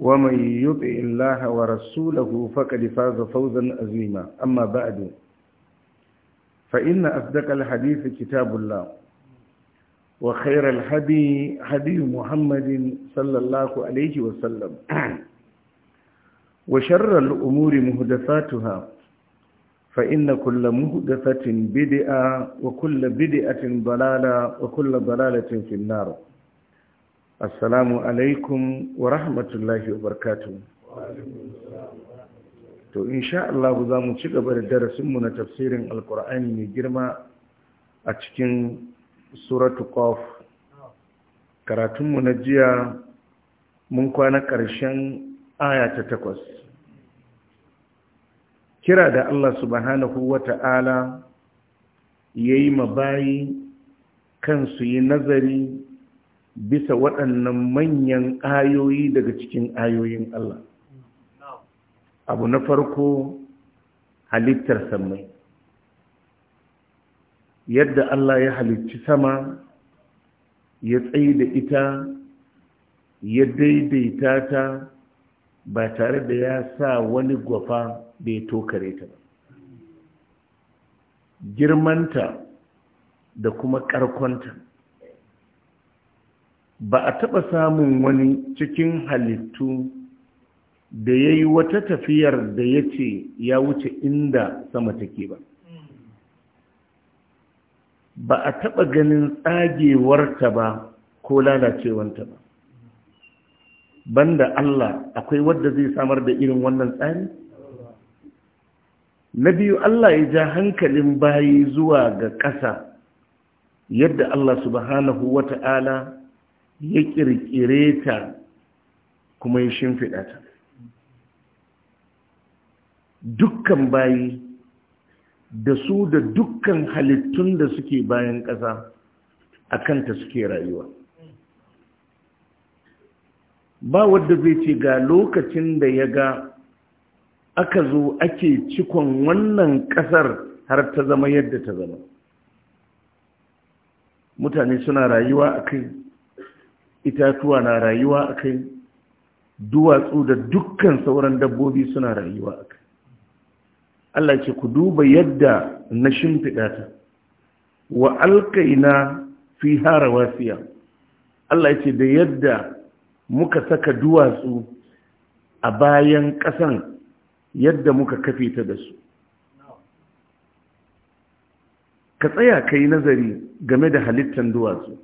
ومن يطع الله ورسوله فقد فاز فوزا عظيما أما بعد فإن أصدق الحديث كتاب الله وخير الهدي هدي محمد صلى الله عليه وسلم وشر الأمور مهدفاتها فإن كل مهدفة بدئة وكل بدئة ضلالة وكل ضلالة في النار assalamu alaikum wa rahmatullahi wa barkatu. to insha Allah za mu ci gaba da darasinmu na tafsirin alkur'ani mai girma a cikin suratu qaf karatunmu na jiya mun kwana ƙarshen aya ta takwas kira da Allah subhanahu wa ta'ala ya yi mabayi kansu yi nazari bisa waɗannan manyan ayoyi daga cikin ayoyin Allah abu na farko halittar sammai yadda Allah ya halicci sama ya tsaye da ita ya daidaita ta ba tare da ya sa wani gwafa da ya tokare ta ba girmanta da kuma ƙarkonta ba a taɓa samun wani cikin halittu da ya yi wata tafiyar da ya ce ya wuce inda sama take ba ba a taɓa ganin tsagewarta ba ko lalacewanta ba banda Allah akwai wadda zai samar da irin wannan tsari na biyu Allah ya ja hankalin bayi zuwa ga ƙasa yadda Allah subhanahu wata'ala ya kirkire ta kuma ya shimfiɗa ta dukkan bayi da su da dukkan halittun da suke bayan ƙasa a kanta suke rayuwa ba wadda zai ce ga lokacin da ya ga aka zo ake cikon wannan ƙasar har ta zama yadda ta zama mutane suna rayuwa a kai itatuwa na rayuwa a kai duwatsu da dukkan sauran dabbobi suna rayuwa a kai Allah ce ku duba yadda na shimfiɗata. wa alƙaina fi hara wasiya, Allah ce da yadda muka saka duwatsu a bayan ƙasan yadda muka kafe ta da su ka tsaya ka yi nazari game da halittar duwatsu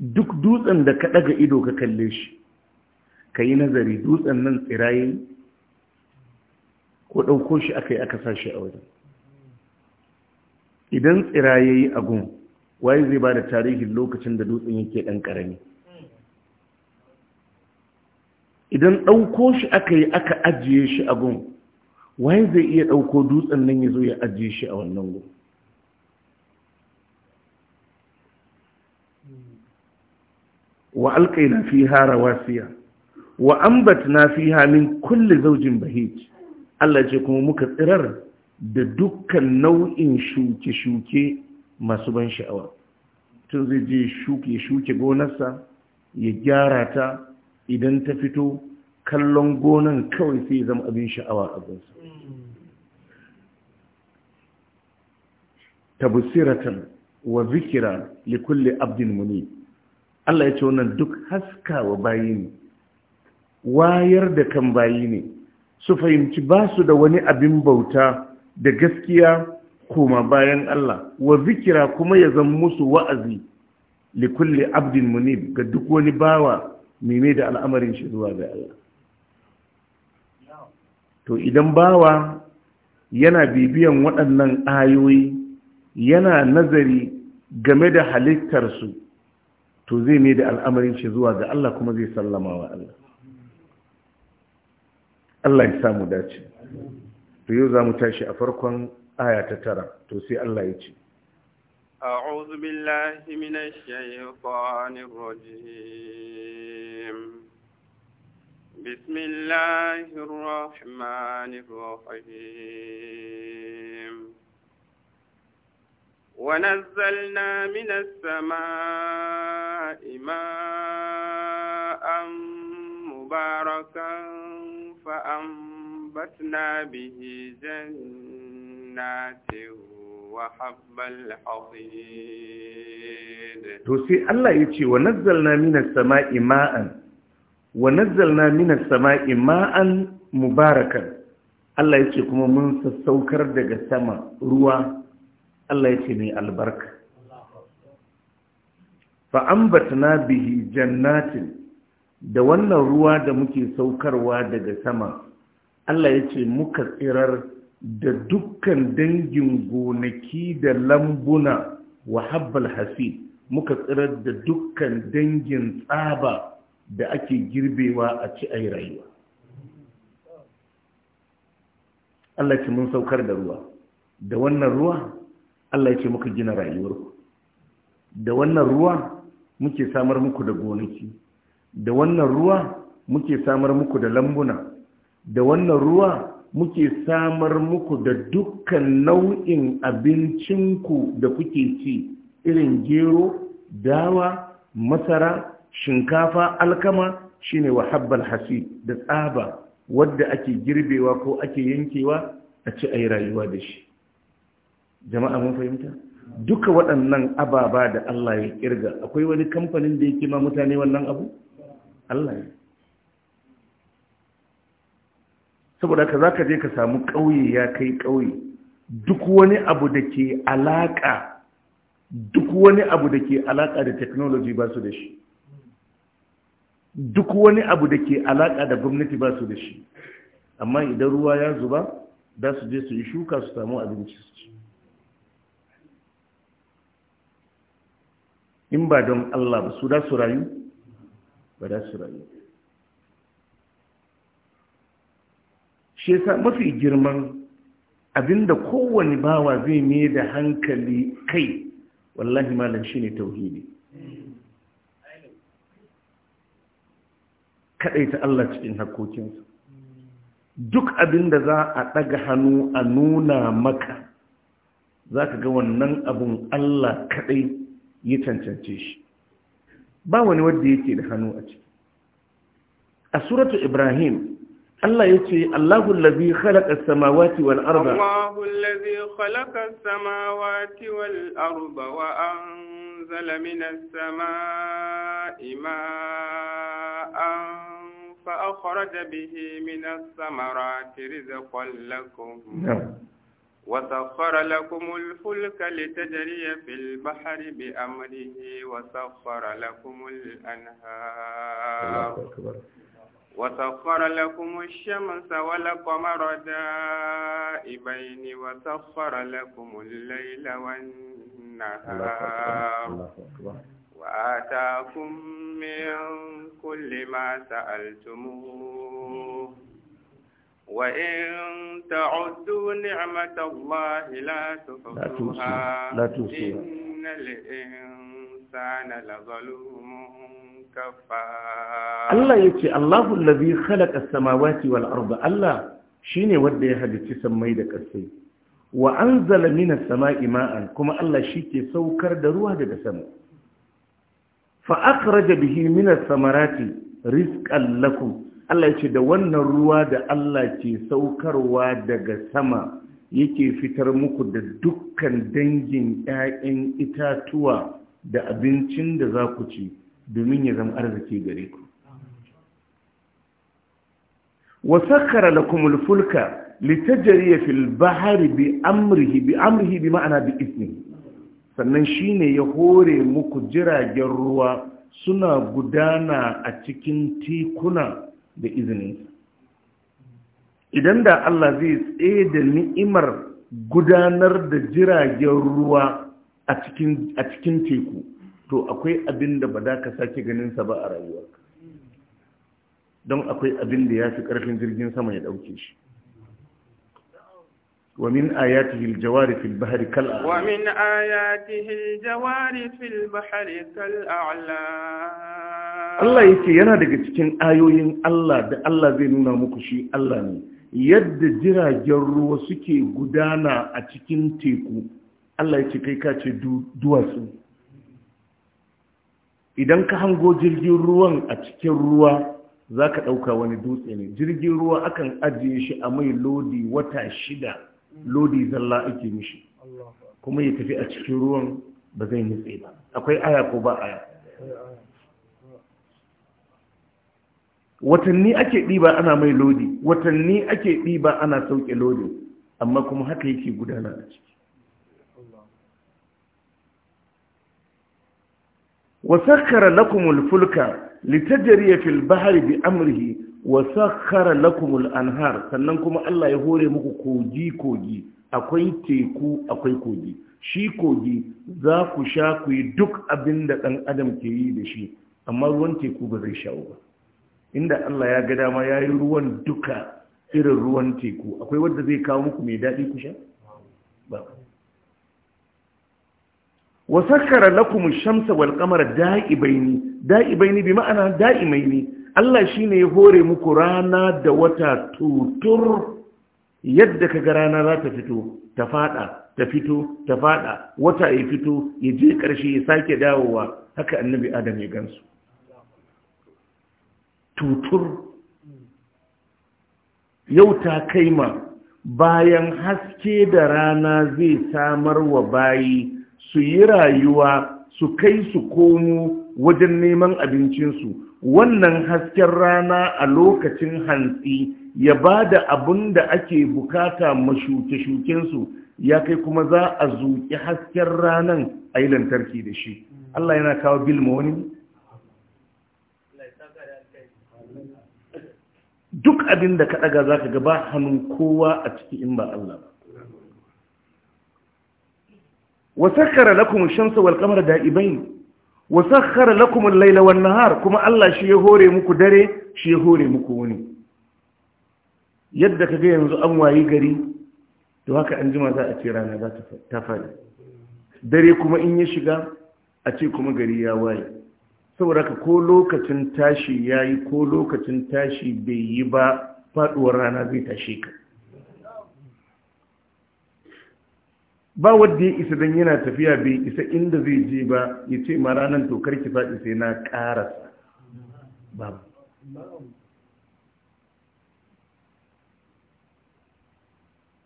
duk dutsen da ka ɗaga ido ka kalle shi ka yi nazari dutsen nan tsirayi ko ɗauko shi aka yi aka sa shi a wajen idan tsirayi a gun waye zai ba da tarihin lokacin da dutsen yake ɗan ƙarami idan ɗauko shi aka yi aka ajiye shi a gun waye zai iya ɗauko dutsen nan ya zo ya ajiye shi a wannan gun wa alƙaina fiha rawasiya wa ambatna fiha min kulli zawjin bahij Allah ce kuma muka tsirar da dukkan nau'in shuke-shuke masu ban sha'awa tun zai je shuke-shuke gonarsa ya gyara ta idan ta fito kallon gonan kawai sai zama abin sha'awa a gansa tabusiratan wa zikira likulli abdin muni Allah ya ce wannan duk haskawa bayi ne wayar da kan bayi ne su fahimci ba su da wani abin bauta da gaskiya koma bayan Allah wa zikira kuma ya zan musu wa'azi likulli abdin munib ga duk wani bawa mene da al'amarin shi zuwa ga Allah to idan bawa yana bibiyan waɗannan ayoyi yana nazari game da halittarsu to zai ne da al'amarin shi zuwa ga Allah kuma zai sallama wa Allah Allah ya samu dace to yau za mu tashi a farkon aya ta tara to sai Allah ya ce أعوذ بالله من الشيطان الرجيم بسم الله الرحمن الرحيم ونزلنا من السماء ماء مباركا فأنبتنا به جنات وحب الحصيد تسي الله يتي ونزلنا من السماء ماء ونزلنا من السماء ماء مباركا Allah ya ce kuma mun sassaukar daga sama ruwa Allah ya ce mai albarka na bihi jannatin da wannan ruwa da muke saukarwa daga sama Allah ya ce muka tsirar da dukkan dangin gonaki da lambuna wa habbal hasi muka tsirar da dukkan dangin tsaba da ake girbewa a ci a rayuwa Allah ce mun saukar da ruwa da wannan ruwa Allah ya muka gina rayuwarku da wannan ruwa muke samar muku da gonaki da wannan ruwa muke samar muku da lambuna da wannan ruwa muke samar muku da dukkan nau'in abincinku da kuke ci irin gero dawa masara shinkafa alkama shine wahabbal hasi da tsaba wadda ake girbewa ko ake yankewa a ci a yi rayuwa da shi jama'a mun fahimta duka waɗannan ababa da Allah ya kirga akwai wani kamfanin da yake ma mutane wannan abu Allah ya saboda ka zaka je ka samu ƙauye ya kai ƙauye duk wani abu da ke alaƙa duk wani abu da ke alaƙa da technology ba su da shi duk wani abu da ke alaka da gwamnati ba su da shi amma idan ruwa ya zuba za su je su yi shuka su samu abinci su ci in ba don Allah ba su da su rayu ba da su rayu shi yasa mafi girman abinda kowane bawa zai ne da hankali kai wallahi malam shine tauhidi ta Allah cikin hakokinsa duk abinda za a ɗaga hannu a nuna maka za ka ga wannan abun Allah kaɗai ya cancance shi ba wani wanda yake da hannu a ciki a suratu ibrahim Allah ya ce Allahu allazi khalaqa as-samawati wal arda Allahu allazi khalaqa samawati wal arda wa anzala minas samaa'i ma'an fa akhraja bihi minas samarati rizqan lakum وسخر لكم الفلك لتجري في البحر بأمره وسخر لكم الأنهار وسخر لكم الشمس والقمر دائبين وسخر لكم الليل والنهار وآتاكم من كل ما سألتموه وإن تعدوا نعمة الله لا تحصوها لا إن الإنسان لظلوم كفار الله يكي الله الذي خلق السماوات والأرض الله شيني ودي هذه تسمي دك السي وأنزل من السماء ماء كما الله شيكي سوكر دروا هذا السماء فأخرج به من الثمرات رزقا لكم Allah ce da wannan ruwa da Allah ke saukarwa daga sama yake fitar muku da dukkan dangin 'ya'yan itatuwa da abincin da za ku ci domin ya zama arziki gare ku. Wasakara da kumul fulka litajariya fil bahari bi amrihi bi amrihi bi ma'ana bi isni sannan shine ya hore muku jiragen ruwa suna gudana a cikin tikuna da izininsa idan da Allah zai tsaye da ni'imar gudanar da jiragen ruwa a cikin teku to akwai abin da ba za ka sake ganinsa ba a rayuwa. don akwai abin da ya fi ƙarfin jirgin sama ya ɗauke shi ومن آياته الجوار في البحر كالأعلام ومن آياته الجوار في البحر كالأعلام Allah yake yana daga cikin ayoyin Allah da Allah zai nuna muku shi Allah ne yadda jiragen ruwa suke gudana a cikin teku Allah yake kai ka ce duwatsu idan ka hango jirgin ruwan a cikin ruwa za ka ɗauka wani dutse ne jirgin ruwa akan ajiye shi a mai lodi wata shida lodi zalla ake mishi kuma ya tafi a cikin ruwan ba zai nutse ba akwai aya ko ba aya watanni ake ɗiba ana mai lodi watanni ake ɗiba ana sauke lodi amma kuma haka yake gudana a ciki wasakkara lakumul fulka litajriya fil bahri bi amrihi wasakkara lakumul anhar sannan kuma Allah ya hore muku koji koji akwai teku akwai kogi, shi kogi za ku sha ku yi duk abinda da ɗan adam ke yi da shi amma ruwan teku ba zai shawo ba inda Allah ya ga dama ya yi ruwan duka irin ruwan teku akwai wanda zai kawo muku mai daɗi ku sha ba wa sakkara lakum shamsa wal qamara da'ibaini da'ibaini bi ma'ana da'imaini Allah shine ya hore muku rana da wata tutur yadda kaga rana za ta fito ta fada ta fito ta fada wata ya fito ya je karshe ya sake dawowa haka annabi adam ya gansu tutur yau ta kaima bayan haske da rana zai samar wa bayi su yi rayuwa su kai su komo wajen neman abincinsu wannan hasken rana a lokacin hantsi ya ba da abin da ake bukata mashuke-shukensu ya kai kuma za a zuƙi hasken ranan a yi lantarki da shi Allah yana kawo bilmoni duk abin da ka ɗaga za ka gaba hannun kowa a ciki in ba Allah ba wasakkara lakum shamsa wal kamar da'ibain wasakkara lakum al-laila nahar kuma Allah shi ya hore muku dare shi ya hore muku wuni yadda ka ga yanzu an wayi gari to haka an jima za a ce rana za ta faɗi. dare kuma in ya shiga a ce kuma gari ya waye saboda ka ko lokacin tashi ya yi ko lokacin tashi bai yi ba faduwar rana zai tashe ka ba wadda ya isa don yana tafiya bai isa inda zai je ba ya ce ma ranar tokar ki faɗi sai na ƙarasa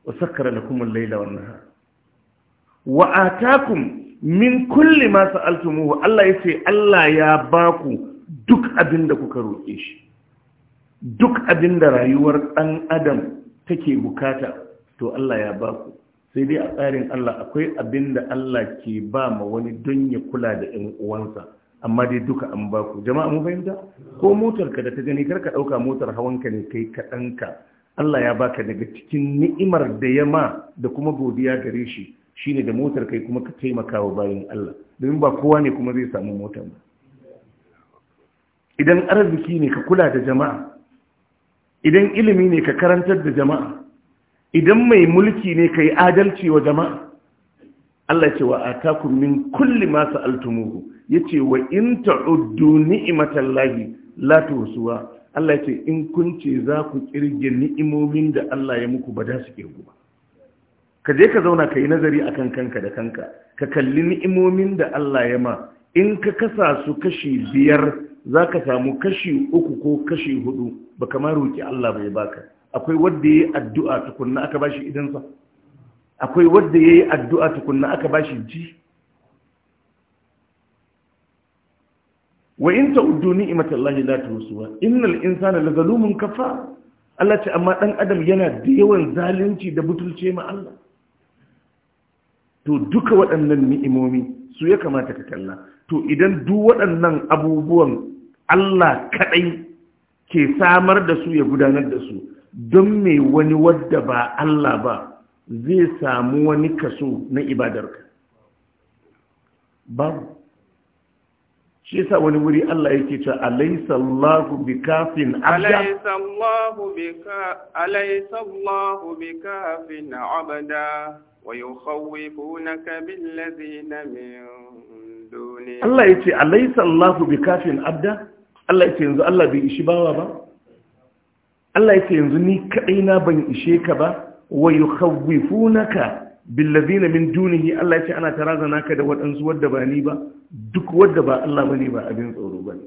wa sakkara da kuma laila wannan ha takun min kulli ma sa'altumuhu Allah yace Allah ya baku duk abin da kuka roƙe shi duk abin da rayuwar ɗan adam take bukata to Allah ya baku sai dai a tsarin Allah akwai abin da Allah ke ba ma wani don ya kula da ƴan uwansa amma dai duka an baku jama'a mun fahimta ko motarka da ta gani ka ɗauka motar hawanka ne kai kaɗanka Allah ya baka daga cikin ni'imar da ya ma da kuma godiya gare shi shine da motar kai kuma ka taimaka wa bayan Allah domin ba kowa ne kuma zai samu motar ba idan arziki ne ka kula da jama'a idan ilimi ne ka karantar da jama'a idan mai mulki ne ka yi adalci wa jama'a Allah ce wa atakum min kulli ma sa'altumuhu ce wa in ta'uddu ni'matallahi la tuhsuha Allah ce in kun ce za ku kirge ni'imomin da Allah ya muku ba da su kirgu ba ka je ka zauna ka yi nazari a kan kanka da kanka ka kalli ni'imomin da Allah ya ma in ka kasa su kashi biyar za ka samu kashi uku ko kashi hudu ba kama roƙi Allah bai baka akwai wanda ya yi addu'a tukunna aka bashi idansa akwai wanda ya yi addu'a tukunna aka bashi ji wa in ta'uddu ni'matallahi la tusuwa innal insana zalumun kafa? Allah ce amma dan adam yana da yawan zalunci da butulce ma Allah to duka waɗannan ni'imomi su ya kamata ka kalla to idan duk waɗannan abubuwan Allah kaɗai ke samar da su ya gudanar da su don me wani wadda ba Allah ba zai samu wani kaso na ibadarka babu shi yasa wani wuri Allah yake cewa alaysa Allahu bikafin abda alaysa Allahu bika alaysa Allahu bikafin abda وَيُخَوِّفُونَكَ بِالَّذِينَ مِنْ دُونِهِ Allah yace alaysa Allahu bikafin abda Allah yace yanzu Allah bai ishi bawa ba Allah yace yanzu ni kadai na ban ishe ka ba wayukhawifunaka billadhina min dunihi Allah yace ana ta razana ka da wadansu wadda bani ba duk wadda ba Allah bane ba abin tsoro bane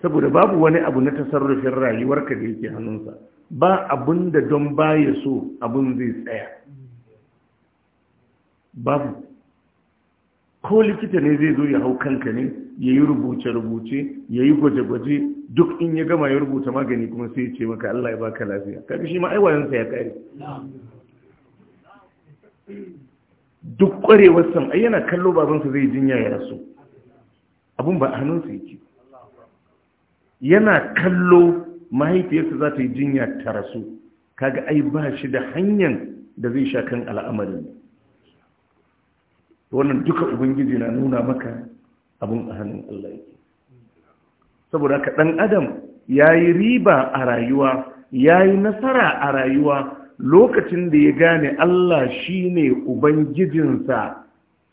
saboda babu wani abu na tasarrufin rayuwarka da yake hannunsa ba abun da don baya so abun zai tsaya babu ko likita ne zai zo ya hau kanka ne ya yi rubuce-rubuce ya yi gwaje-gwaje duk in ya gama ya rubuta magani kuma sai ce maka Allah ya baka lafiya kaga shi ma aiwayensa ya kare duk kwarewar san ai yana kallo babansa zai jinya ya rasu abun ba hannunsa yake yana kallo mahaifiyarsa za ta yi jinya ta rasu kaga ai ba shi da hanyar da zai sha kan al'amarin wannan duka ubangiji na nuna maka abin a hannun Allah saboda ka dan adam ya yi riba a rayuwa ya yi nasara a rayuwa lokacin da ya gane Allah shi ne ubangijinsa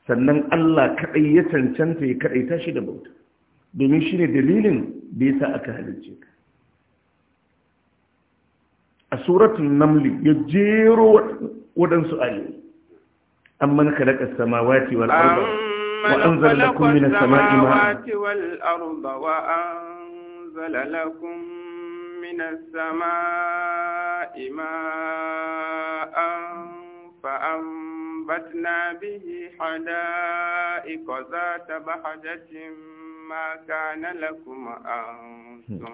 sannan Allah kaɗai ya cancanta ya kaɗai tashi da bauta domin shi ne dalilin da ya sa aka halicce ka a suratun namli ya jero waɗansu ayoyi amman khalaqa samawati wal arba wa anzala lakum minas samai ma'a فأنبتنا به حدائق ذات بحجة ما كان لكم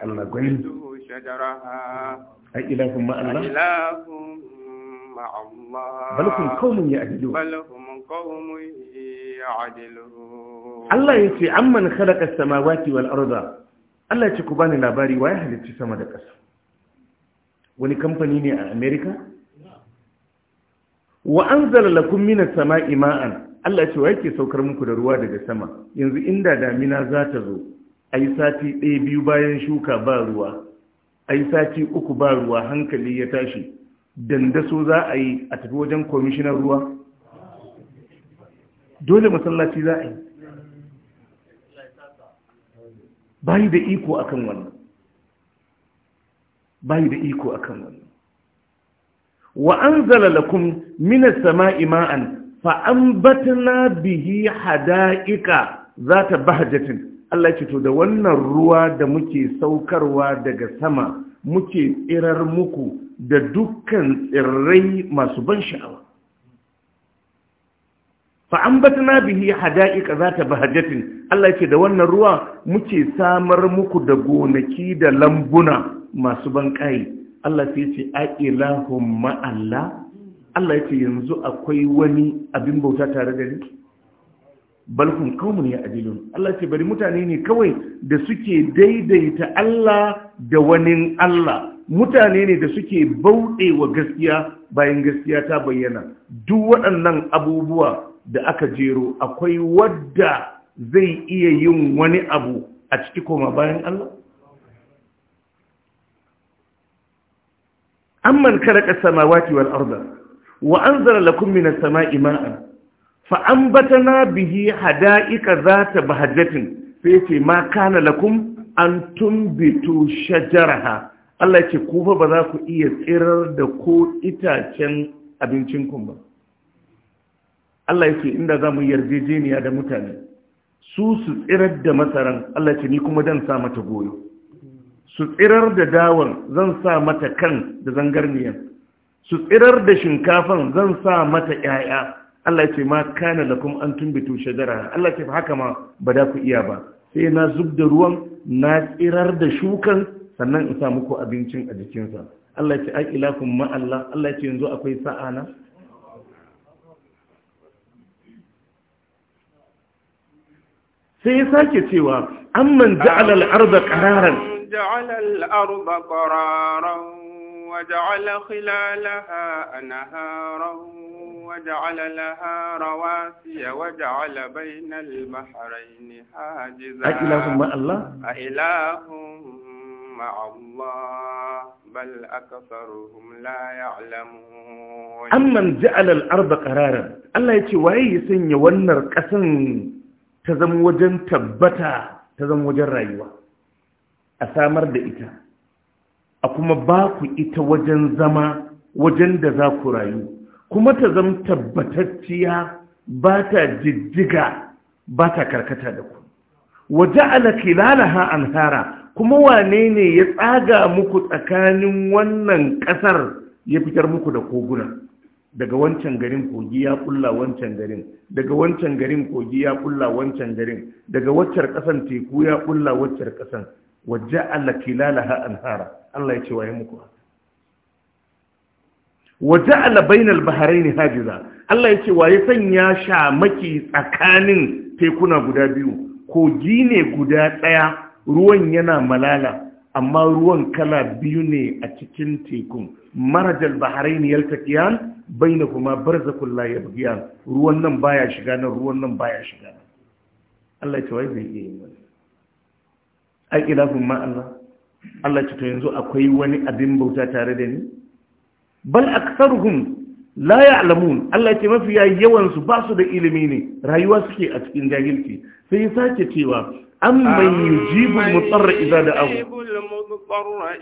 أن شجرها أإله مع الله أإله مع الله بل Allah ya ce بل هم قوم sama الله يسي Allah ya ce ku bani labari wa ya halicci sama da ƙasa wani kamfani ne a Amerika? wa an zalalakun minas sama ima'an Allah ya ce wa yake saukar muku da ruwa daga sama yanzu inda damina za ta zo a yi sati ɗaya biyu bayan shuka ba ruwa ai sati uku ba ruwa hankali ya tashi dandaso za a yi a tafi wajen kwamishinan ruwa dole masallaci za a yi bayi da iko akan wannan bayi da iko akan wannan wa anzala lakum minas sama'i ma'an fa anbatna bihi hada'ika zata bahjatin Allah ce to da wannan ruwa da muke saukarwa daga sama muke tsirar muku da dukkan tsirrai masu ban sha'awa na bihi ta zata bahajatin Allah ce da wannan ruwa muke samar muku da gonaki da lambuna masu ban kai Allah sai ce a ma'alla Allah ce yanzu akwai wani abin bauta tare da ni balkun kaumun ya ajilun Allah ce bari mutane ne kawai da suke daidaita Allah da wani Allah mutane ne da suke bauɗe wa gaskiya bayan gaskiya ta bayyana duk waɗannan abubuwa da aka jero akwai wadda zai iya yin wani abu a ciki koma bayan Allah amman khalaqa samawati wal arda wa anzala lakum minas sama'i ma'an fa'ambatana bihi hada'ika za ta bahajjatin sai ce ma kana lakum an tumbitu shajaraha Allah ce kufa ba za ku iya tsirar da ko itacen abincinku ba Allah ce inda za mu yarjejeniya da mutane su su tsirar da masaran Allah ce ni kuma zan sa mata goyo su tsirar da dawon zan sa mata kan da zangarniyan su tsirar da shinkafan zan sa mata 'ya'ya Allah ya ce ma kana kuma an tumbitu shajara Allah ya ce haka ma ba da ku iya ba sai na zub da ruwan na tsirar da shukan sannan in sa muku abincin a jikinsa Allah ya ce ai ilakum ma Allah Allah ya ce yanzu akwai sa'a na sai ya sake cewa amman ja'ala al-ardha qararan ja'ala al-ardha qararan khilalaha anharan وجعل لها رواسي وجعل بين البحرين حاجزا أإله مع الله أإله مع الله بل أكثرهم لا يعلمون أمن جعل الأرض قرارا الله يتي وهي سن يونر قسن تزم وجن تبتا تزم وجن رايوة أسامر دئتا أكما باكو إتا وجن زما وجن دذاكو رايوة kuma ta zama tabbatacciya ba ta jijjiga ba ta karkata da ku waje alakilalaha alhara kuma wane ne ya tsaga muku tsakanin wannan ƙasar ya fitar muku da koguna daga wancan garin kogi ya kulla wancan garin daga wancan garin kogi ya kulla wancan garin daga waccar ƙasan teku ya kulla waccar ƙasan waje alakilalaha alhara Allah ya ce waye muku haka wa ja'ala bainal bahraini hajiza Allah yake wa ya sanya shamaki tsakanin tekuna guda biyu kogi ne guda daya ruwan yana malala amma ruwan kala biyu ne a cikin tekun marajal bahraini yaltaqiyan bainahuma barzakul la yabghiyan ruwan nan baya shiga nan ruwan nan baya shiga Allah ya ce wai zai yi ai ilahun ma Allah Allah ce to yanzu akwai wani abin bauta tare da ni bal aktsaruhum la ya'lamun Allah ce mafiya yawan su ba su da ilimi ne rayuwa suke a cikin jahilci sai ya sake cewa an man yujibu mutarra idza da'ahu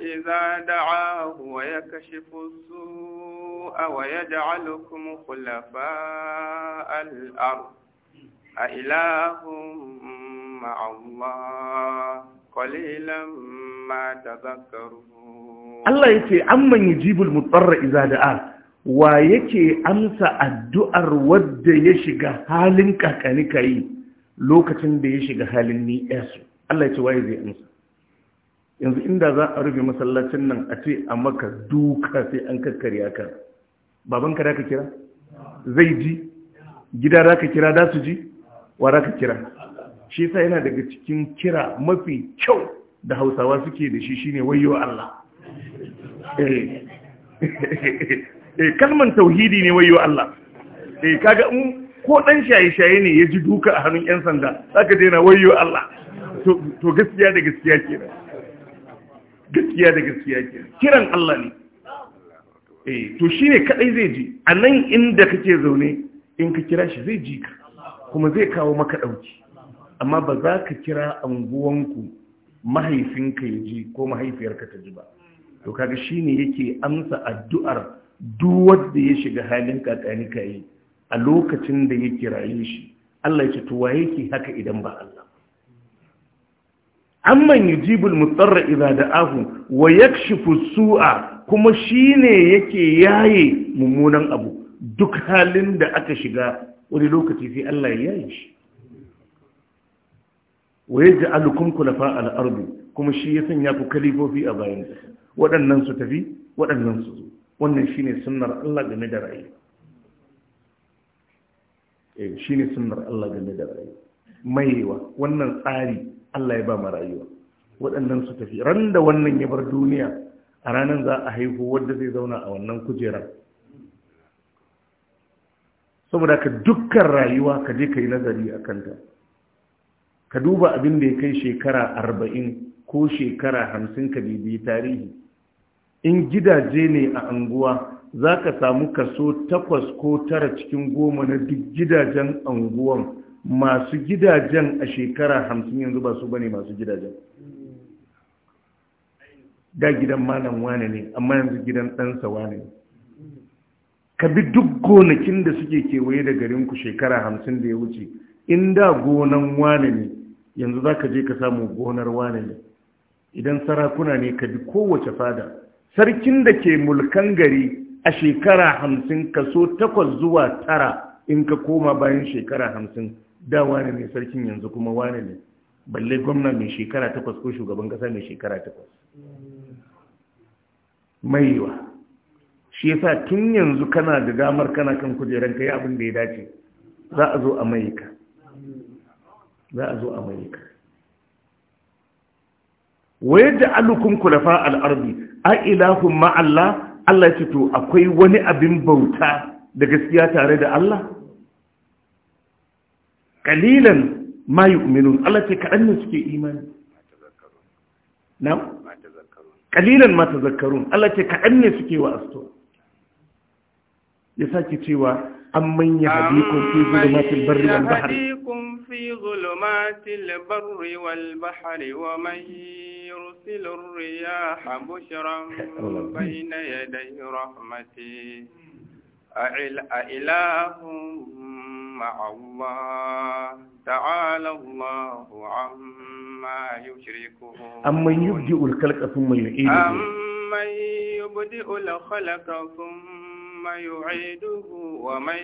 idza da'ahu wa yakshifu sua wa yaj'alukum khulafa' al-ard a ilahum ma'a qalilan ma tadhakkarun Allah ya ce an amman jibul mutsarra iza da'a wa yake amsa addu'ar wadda ya shiga halin kakani kai lokacin da ya shiga halin ni'yasu Allah ya ce waye zai amsa yanzu inda za a rufe masallacin nan a ce a maka duka sai an kakkarya ka babanka da ka kira zai ji gida da ka kira da su ji wa da ka kira shi yasa yana daga cikin kira mafi kyau da hausawa suke da shi shine wayo Allah Eh. Eh, kalman tauhidi ne wayo Allah eh, kaga in ko dan shaye-shaye ne ya ji duka a hannun 'yan sanda zaka daina wayo Allah to gaskiya da gaskiya kenan gaskiya da gaskiya kiran Allah ne eh to shine kadai zai ji a nan inda kake zaune in ka kira shi zai ji ka kuma zai kawo maka dauki amma ba za ka kira anguwanku mahaifinka ya ji ko mahaifiyarka ta ji ba to kaga shine yake amsa addu'ar duk wanda ya shiga halin kakani kai a lokacin da ya kiraye shi Allah ya ce to waye ke haka idan ba Allah amman yujibul mutarra idza da'ahu wa yakshifu su'a kuma shine yake yaye mummunan abu duk halin da aka shiga wani lokaci sai Allah ya yaye shi wa yaj'alukum khulafa al-ardh kuma shi ya sanya ku kalifofi a bayan waɗannan su tafi waɗannan su zo wannan shine sunar Allah game da ra'ayi eh shine sunar Allah game da ra'ayi maiwa wannan tsari Allah ya ba mu rayuwa waɗannan su tafi ran da wannan ya bar duniya a ranar za a haihu wadda zai zauna a wannan kujerar saboda ka dukkan rayuwa ka je ka yi nazari a kanta ka duba abin da ya kai shekara arba'in ko shekara hamsin ka bibiyi tarihi in gidaje ne a anguwa za ka samu kaso takwas ko tara cikin goma na duk gidajen anguwan masu gidajen a shekara hamsin yanzu ba su bane masu gidajen da gidan malam wane ne amma yanzu gidan ɗansa wane ne ka bi duk gonakin da suke kewaye da garinku shekara hamsin da ya wuce in da gonan wane ne yanzu za ka je ka samu gonar wane ne idan sarakuna ne ka bi kowace fada sarkin da ke mulkan gari a shekara hamsin kaso takwas zuwa tara in ka koma bayan shekara hamsin da wane ne sarkin yanzu kuma wane ne balle gwamna mai shekara takwas ko shugaban kasa mai shekara takwas maiwa shi yasa tun yanzu kana da damar kana kan kujeran kai abin da ya dace za a zo amerika za a zo ka. wayar da alukun kulafa al'arbi a ilahun ma'alla Allah ce to akwai wani abin bauta da gaskiya tare da Allah kalilan ma yi yu'minun Allah ce kaɗan ne suke imani na kalilan ma tazakkarun Allah ce kaɗan ne suke wa asto ya sake cewa an manya hadikun fi zulumatil barri wal bahri fi zulumatil barri wal bahari wa يرسل الرياح بشرا بين يدي رحمته أإله مع الله تعالى الله عما يشركون أمن يبدئ الخلق ثم يعيده أمن يبدئ الخلق ثم يعيده ومن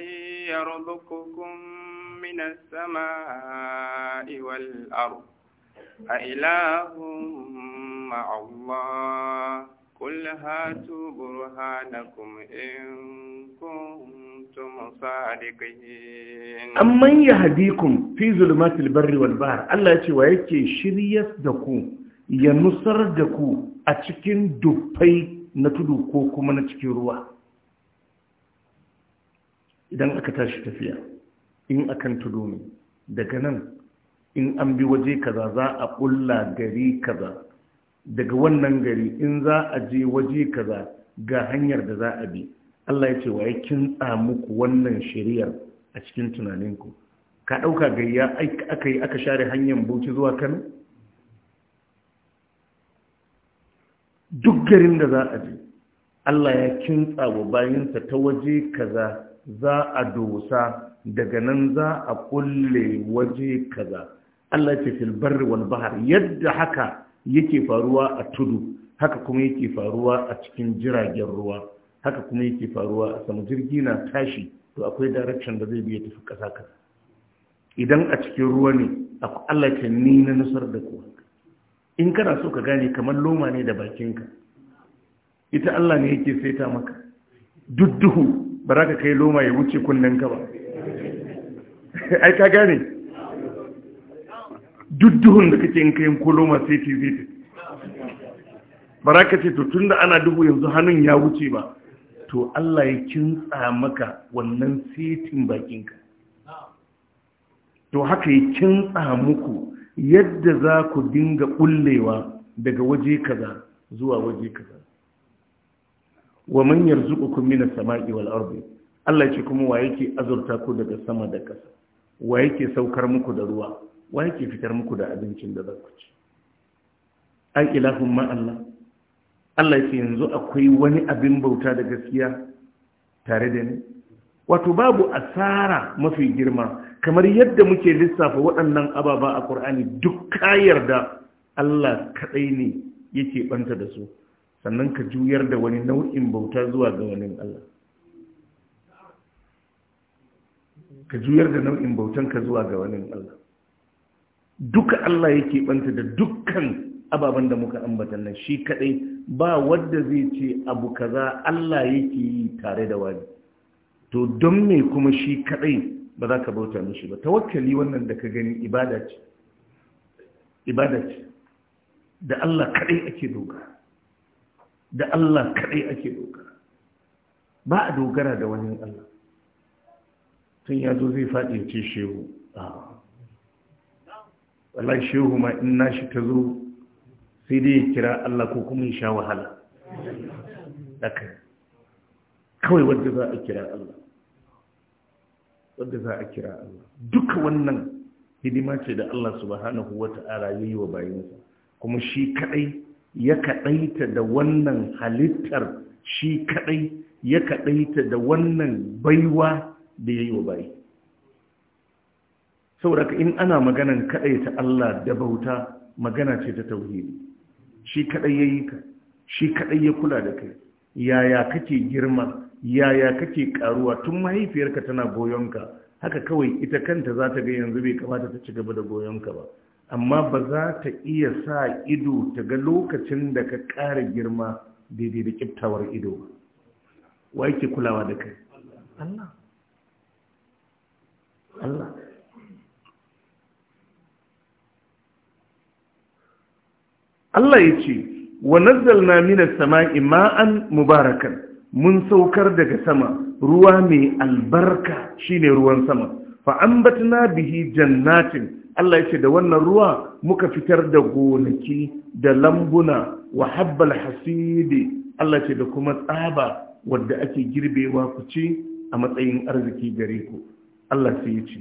يرزقكم من السماء والأرض ilahu ma allah amman ya hadi ku fi zulmatul barri wal bahr Allah yace wa yake shiryas da ku ya nusar da ku a cikin dufai na tudu ko kuma na cikin ruwa idan aka tashi tafiya in akan tudu ne daga nan in an bi waje kaza za a ƙulla gari kaza daga wannan gari in za a je waje kaza ga hanyar da za a bi Allah ya ce wa ya kintsa muku wannan shari'ar a cikin tunaninku ka ɗauka gayya aka yi aka share hanyar boki zuwa kano duk garin da za a je Allah ya kintsa wa bayansa ta waje kaza za a dosa daga nan za a kulle waje kaza Allah ce fil barri wal bahar yadda haka yake faruwa a tudu haka kuma yake faruwa a cikin jiragen ruwa haka kuma yake faruwa a sama jirgi na tashi to akwai direction da zai biya tafi kasa kasa idan a cikin ruwa ne Allah ce ni na nusar da ku in kana so ka gane kamar loma ne da bakinka ita Allah ne yake saita maka duk duhu ba ka kai loma ya wuce kunnen ka ba ai ka gane duk duhun da kake in kayan koloma sai City zai ba za ka ce to tun da ana duhu yanzu hannun ya wuce ba to Allah ya kintsa maka wannan setin bakinka to haka ya kintsa muku yadda za ku dinga kullewa daga waje kaza zuwa waje kaza wa man yarzuqukum minas sama'i wal ardi Allah ya ce kuma wa yake azurta ku daga sama da ƙasa wa yake saukar muku da ruwa wa yake fitar muku da abincin da za ci an ilahun ma Allah Allah yake yanzu akwai wani abin bauta da gaskiya tare da ni wato babu asara mafi girma kamar yadda muke lissafa waɗannan ababa a ƙur'ani duk ka yarda Allah kaɗai ne yake banta da su sannan ka juyar da wani nau'in bauta zuwa ga wani Allah ka juyar da nau'in bautan ka zuwa ga wani Allah duka Allah yake banta da dukkan ababen da muka ambata nan shi kadai ba wanda zai ce abu kaza Allah yake yi tare da wani to don me kuma shi kadai ba za ka bauta mishi ba tawakkali wannan da ka gani ibada ce ibada ce da Allah kadai ake doka da Allah kadai ake doka ba a dogara da wani Allah tun yazo zai faɗi ce shehu a'a wallahi shehu ma in nashi ta zo sai dai ya kira Allah ko kuma ya sha wahala daga kawai wanda za a kira Allah wanda za a kira Allah duka wannan hidima ce da Allah subhanahu wata'ala yayi wa bayinsa kuma shi kadai ya kadaita da wannan halittar shi kadai ya kadaita da wannan baiwa da yayi wa bayinsa saboda in ana maganan kadai ta Allah da bauta magana ce ta tauhidi shi kadai yayi ka shi kadai ya kula da kai yaya kake girma yaya kake karuwa tun mahaifiyarka tana goyonka haka kawai ita kanta za ta ga yanzu bai kamata ta ci gaba da goyonka ba amma ba za ta iya sa ido ta ga lokacin da ka ƙara girma daidai da kiftawar ido ba wa yake kulawa da kai Allah Allah Allah ya ce wa nazzalna minas sama'i ma'an mubarakan mun saukar daga sama ruwa mai albarka shine ruwan sama fa ambatna bihi jannatin Allah ya ce da wannan ruwa muka fitar da gonaki da lambuna wa habbal hasidi Allah ce da kuma tsaba wadda ake girbewa ku ce a matsayin arziki gare ku Allah sai ya ce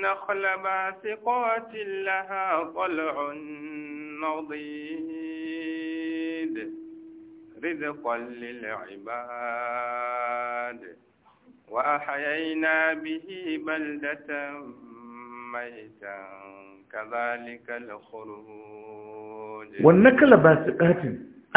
النخل باسقات لها طلع نضيد رزقا للعباد وأحيينا به بلدة ميتا كذلك الخروج والنكل باسقات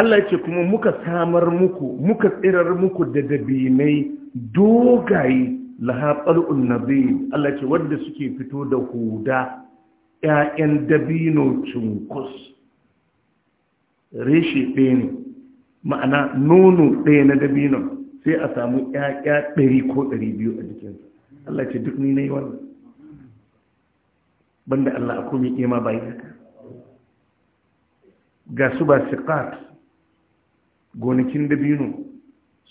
Allah ce kuma muka samar muku muka tsirar muku da dabinai dogaye laha qal'un nabi Allah ce wanda suke fito da huda ƴaƴan dabino cunkus reshe ɗaya ne ma'ana nono ɗaya na dabino sai a samu ƴaƴa ɗari ko ɗari biyu a jikinsa Allah ce duk ni na yi wannan banda Allah a komi ƙema bayan haka ga su ba siƙat gonakin dabino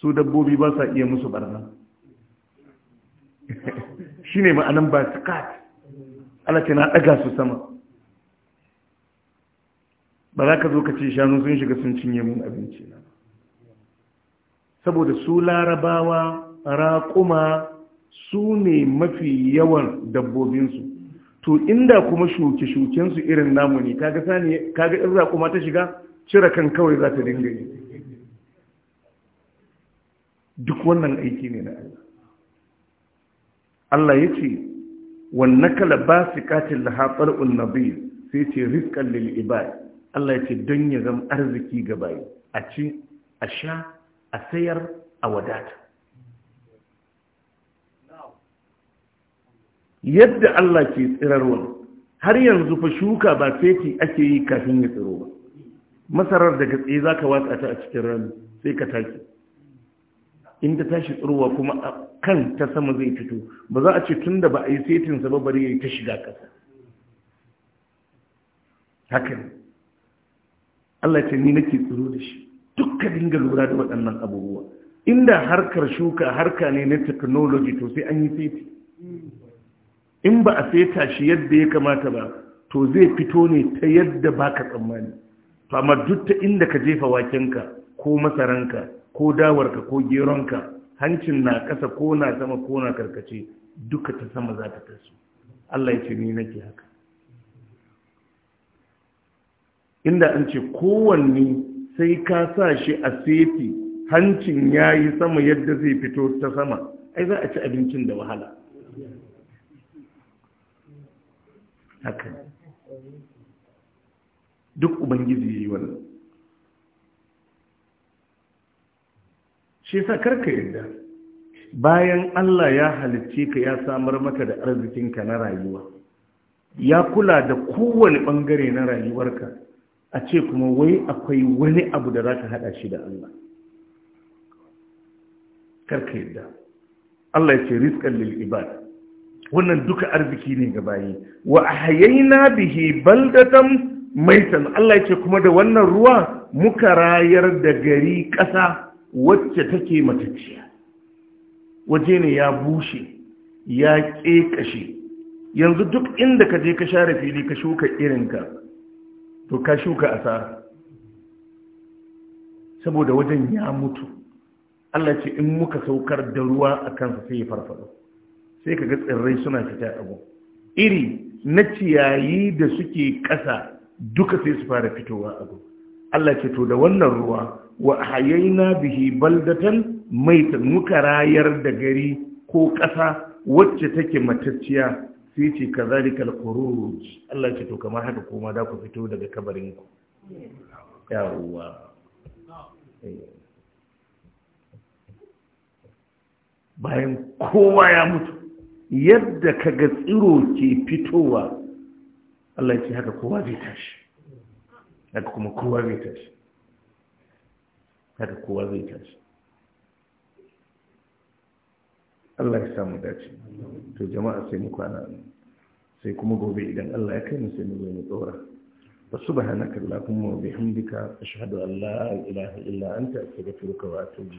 su dabbobi ba sa iya musu barna Shi ne ma'anan basikat Allah ce na daga su sama ba za ka zo ka ce shanu sun shiga sun cinye mun abinci na saboda su larabawa raƙuma su ne mafi yawan dabbobinsu to inda kuma shuke-shukensu irin namu ne kaga sani kaga in raƙuma ta shiga cire kan kawai za ta dinga yi duk wannan aiki ne na Allah Allah ya ce wanne kala ba su katin lahatsar unnabi sai ce rizkan lil'ibai Allah ya ce don ya zama arziki ga bayi a ci a sha a sayar a wadata yadda Allah ke tsirarwa har yanzu fa shuka ba feti ake yi kafin ya tsiro ba masarar daga tsaye za ka watsa ta a cikin rami sai ka taki in ta tashi tsirowa kuma kan ta sama zai fito ba za a ce tun da ba a yi setinsa ba bari ya ta shiga ƙasa haka Allah ce ni nake tsoro da shi dukka dinga lura da waɗannan abubuwa inda harkar shuka harka ne na technology to sai an yi seti in ba a seta shi yadda ya kamata ba to zai fito ne ta yadda baka tsammani to amma duk ta inda ka jefa wakenka ko masaranka ko dawarka ko geronka hancin na ƙasa, ko na sama ko na karkace duka ta sama za ta taso Allah ya ce ni nake haka inda an ce kowanne sai ka sa shi a sefi, hancin ya yi sama yadda zai fito ta sama ai za a ci abincin da wahala haka duk ubangiji yi wannan shi sa karka yadda bayan Allah ya halicce ka ya samar maka da arzikinka na rayuwa ya kula da kowane bangare na rayuwarka a ce kuma wai akwai wani abu da za ka haɗa shi da Allah karka yadda Allah ya ce rizqan lil wannan duka arziki ne ga bayi wa ahyayna bihi baldatan maitan Allah ya ce kuma da wannan ruwa muka rayar da gari ƙasa wacce take matacciya waje ne ya bushe ya ƙeƙashe yanzu duk inda ka je ka share fili ka shuka irinka to ka shuka asara saboda wajen ya mutu Allah ce in muka saukar da ruwa a kansa sai ya farfado sai ka ga tsirrai suna fita abu iri na ciyayi da suke ƙasa duka sai su fara fitowa abu Allah ce to da wannan ruwa wa hayaina bihi baldatan maita muka rayar da gari ko ƙasa wacce take matacciya sai ce kazalikal khuruj Allah ce to kamar haka kuma da ku fito daga kabarin ku yawwa bayan kowa ya mutu yadda kaga tsiro ke fitowa Allah ce haka kowa zai tashi haka kuma kowa zai tashi haka kowa zai tashi Allah ya samu dace to jama'a sai mu kwana sai kuma gobe idan Allah ya kai mu sai mu zo mu tsora wa subhanaka allahumma wa bihamdika ashhadu an la ilaha illa anta wa atubu